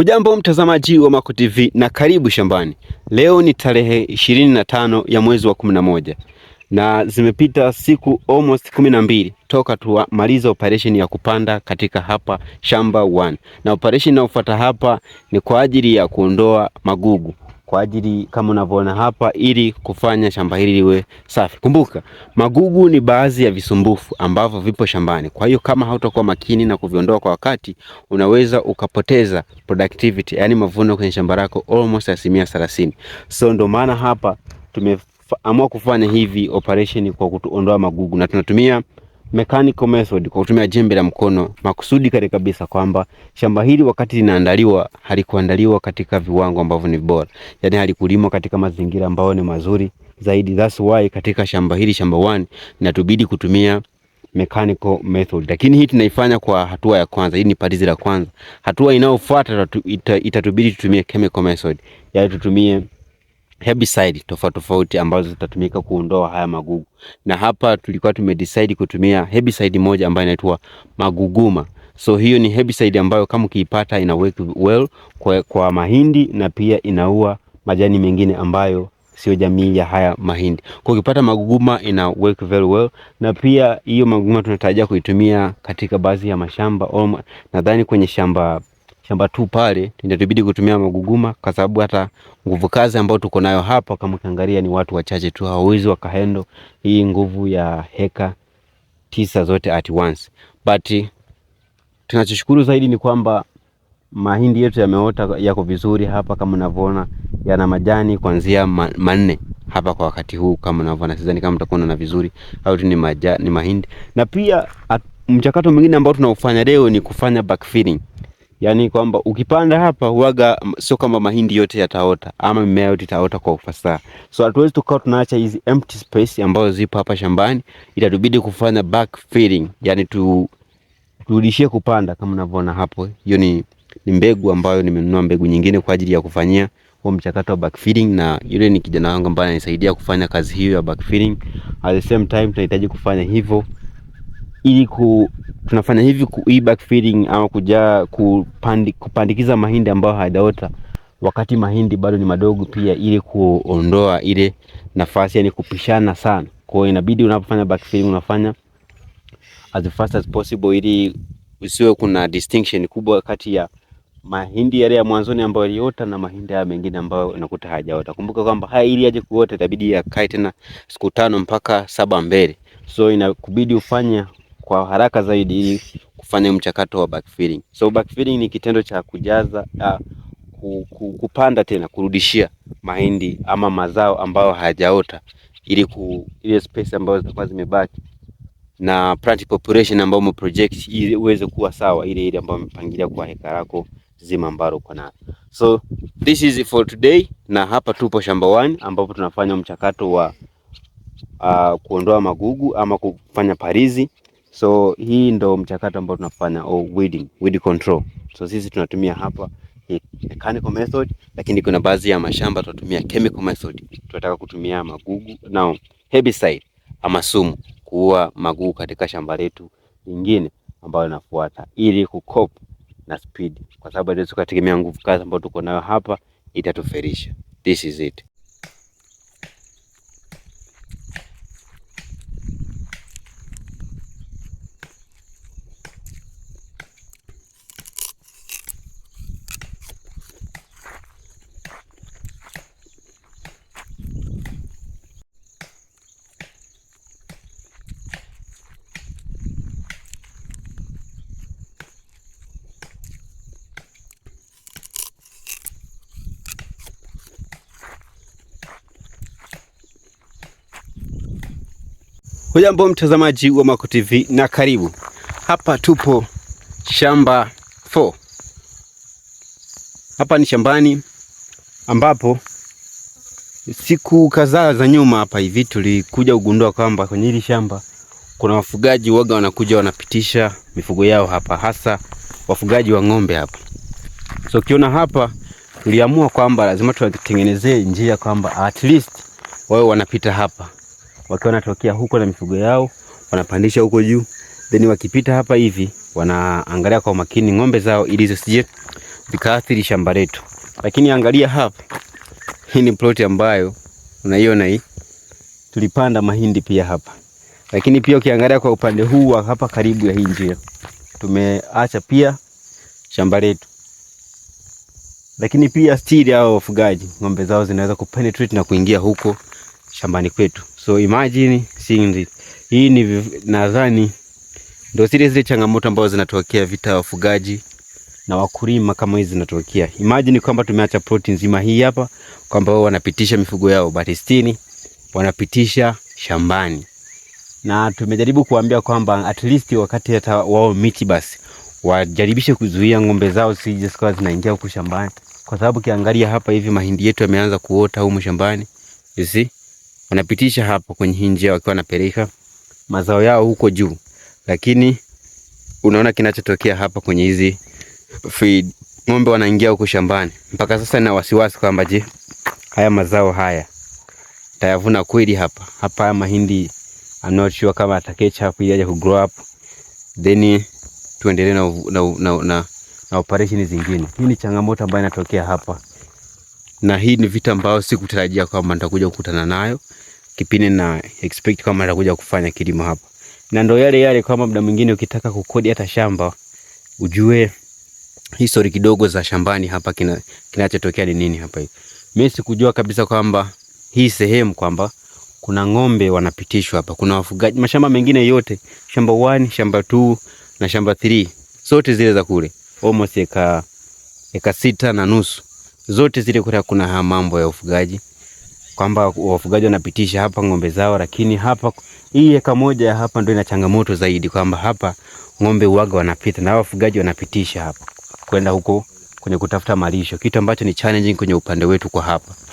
Hujambo mtazamaji wa Maco TV na karibu shambani. Leo ni tarehe ishirini na tano ya mwezi wa 11 na na zimepita siku almost kumi na mbili toka tumaliza operation ya kupanda katika hapa shamba 1 na operation inayofuata hapa ni kwa ajili ya kuondoa magugu kwa ajili kama unavyoona hapa, ili kufanya shamba hili liwe safi. Kumbuka, magugu ni baadhi ya visumbufu ambavyo vipo shambani. Kwa hiyo kama hautakuwa makini na kuviondoa kwa wakati, unaweza ukapoteza productivity, yani mavuno kwenye shamba lako almost asilimia thelathini. So ndo maana hapa tumeamua kufanya hivi operation kwa kuondoa magugu na tunatumia mechanical method kwa kutumia jembe la mkono makusudi kale kabisa kwamba shamba hili wakati linaandaliwa halikuandaliwa katika viwango ambavyo ni bora, yani halikulimwa katika mazingira ambayo ni mazuri zaidi. That's why katika shamba hili shamba 1 natubidi kutumia mechanical method, lakini hii tunaifanya kwa hatua ya kwanza. Hii ni palizi la kwanza. Hatua inayofuata itatubidi ita tutumie chemical method, yani tutumie herbicide tofauti tofauti ambazo zitatumika kuondoa haya magugu, na hapa tulikuwa tumedecide kutumia herbicide moja ambayo inaitwa Maguguma. So hiyo ni herbicide ambayo kama ukiipata ina work well kwa, kwa mahindi na pia inaua majani mengine ambayo sio jamii ya haya mahindi. Kwa ukipata Maguguma ina work very well, na pia hiyo Maguguma tunatarajia kuitumia katika baadhi ya mashamba. Nadhani kwenye shamba shamba tu pale, inatubidi kutumia maguguma, kwa sababu hata nguvu kazi ambayo tuko nayo hapa kama ukiangalia ni watu wachache tu, hawawezi wakahendo hii nguvu ya heka tisa zote at once. But tunachoshukuru zaidi ni kwamba mahindi yetu yameota, yako vizuri hapa kama unavyoona, yana majani kuanzia manne hapa kwa wakati huu, kama unavyoona. Sidhani kama mtakuwa na vizuri au tu ni, maja, ni mahindi. Na pia mchakato mwingine ambao tunaufanya leo ni kufanya backfilling yani kwamba ukipanda hapa huaga sio kama mahindi yote yataota ama mimea yote itaota kwa ufasaha. So hatuwezi tukawa tunaacha hizi empty space ambazo zipo hapa shambani, itatubidi kufanya backfilling, yani tu turudishie kupanda. Kama unavyoona hapo, hiyo ni, ni mbegu ambayo nimenunua mbegu nyingine kwa ajili ya kufanyia huo mchakato wa backfilling, na yule ni kijana wangu ambaye ananisaidia kufanya kazi hiyo ya backfilling. At the same time tunahitaji kufanya hivyo ili ku, tunafanya hivi ku, hii e backfilling ama kuja kupandi, kupandikiza mahindi ambayo hayajaota wakati mahindi bado ni madogo, pia ili kuondoa ile nafasi, yani kupishana sana. Kwa hiyo inabidi unapofanya backfilling unafanya as fast as possible, ili usiwe kuna distinction kubwa kati ya mahindi yale ya mwanzoni ambayo yaliota na mahindi haya mengine ambayo unakuta hayajaota. Kumbuka kwamba haya ili aje kuota itabidi yakae tena siku tano mpaka saba mbele, so inakubidi ufanye kwa haraka zaidi ili kufanya mchakato wa backfilling. So backfilling ni kitendo cha kujaza uh, kupanda tena kurudishia mahindi ama mazao ambayo hayajaota ili ku ile space ambazo zitakuwa zimebaki na plant population ambayo umeproject ili uweze kuwa sawa ile ile ambayo umepangilia kwa heka lako zima ambalo uko nalo. So this is for today, na hapa tupo shamba 1 ambapo tunafanya mchakato wa uh, kuondoa magugu ama kufanya parizi. So hii ndo mchakato ambao tunafanya au weeding, weed control. So sisi tunatumia hapa mechanical method, lakini kuna baadhi ya mashamba tunatumia chemical method. Tunataka kutumia magugu na herbicide ama sumu kuua magugu katika shamba letu lingine ambayo inafuata ili kukop na speed, kwa sababu inaweza kutegemea nguvu kazi ambayo tuko nayo hapa itatuferisha. This is it. Hujambo mtazamaji wa Maco TV na karibu. Hapa tupo shamba 4. Hapa ni shambani ambapo siku kadhaa za nyuma hapa hivi tulikuja kugundua kwamba kwenye hili shamba kuna wafugaji waga wanakuja wanapitisha mifugo yao hapa, hasa wafugaji wa ng'ombe hapa. So ukiona hapa, tuliamua kwamba lazima tuwatengenezee njia kwamba at least wao wanapita hapa wakiwa wanatokea huko na mifugo yao wanapandisha huko juu, then wakipita hapa hivi wanaangalia kwa makini ng'ombe zao ili zisije zikaathiri shamba letu. Lakini angalia hapa, hii ni ploti ambayo unaiona hii, tulipanda mahindi pia hapa. Lakini pia ukiangalia kwa upande huu wa hapa, karibu ya hii njia tumeacha pia shamba letu. Lakini pia stili hao wafugaji ng'ombe zao zinaweza kupenetrate na kuingia huko shambani kwetu. So imagine seeing this. Hii ni nadhani ndio zile zile changamoto ambazo zinatokea vita wafugaji na wakulima kama hizi zinatokea. Imagine kwamba tumeacha protein nzima hii hapa kwamba wao wanapitisha mifugo yao batistini, wanapitisha shambani. Na tumejaribu kuambia kwamba at least wakati hata wao miti basi wajaribishe kuzuia ng'ombe zao sije zikawa zinaingia huko shambani. Kwa sababu kiangalia hapa hivi mahindi yetu yameanza kuota huko shambani. You see? wanapitisha hapo kwenye hii njia wakiwa wanapeleka mazao yao huko juu, lakini unaona kinachotokea hapa kwenye hizi feed, ng'ombe wanaingia huko shambani. Mpaka sasa nina wasiwasi kwamba je, haya mazao haya tayavuna kweli? Hapa hapa haya mahindi I'm not sure kama atakecha hapo ili aje ku grow up then tuendelee na, na, na, na, na operation zingine. Hii ni changamoto ambayo inatokea hapa na hii ni vita ambayo sikutarajia kwamba nitakuja kukutana nayo kipindi na expect kwamba nitakuja kufanya kilimo hapa, na ndo yale yale kama muda mwingine ukitaka kukodi hata shamba ujue history kidogo za shambani hapa, kina kinachotokea ni nini hapa hivi. Mimi sikujua kabisa kwamba hii sehemu kwamba kuna ng'ombe wanapitishwa hapa, kuna wafugaji. Mashamba mengine yote shamba 1, shamba 2 na shamba 3 sote zile za kule almost eka eka sita na nusu zote zile kule kuna mambo ya ufugaji kwamba wafugaji wanapitisha hapa ng'ombe zao, lakini hapa hii eka moja ya hapa ndio ina changamoto zaidi, kwamba hapa ng'ombe uaga wanapita na wafugaji wanapitisha hapa kwenda huko kwenye kutafuta malisho, kitu ambacho ni challenging kwenye upande wetu kwa hapa.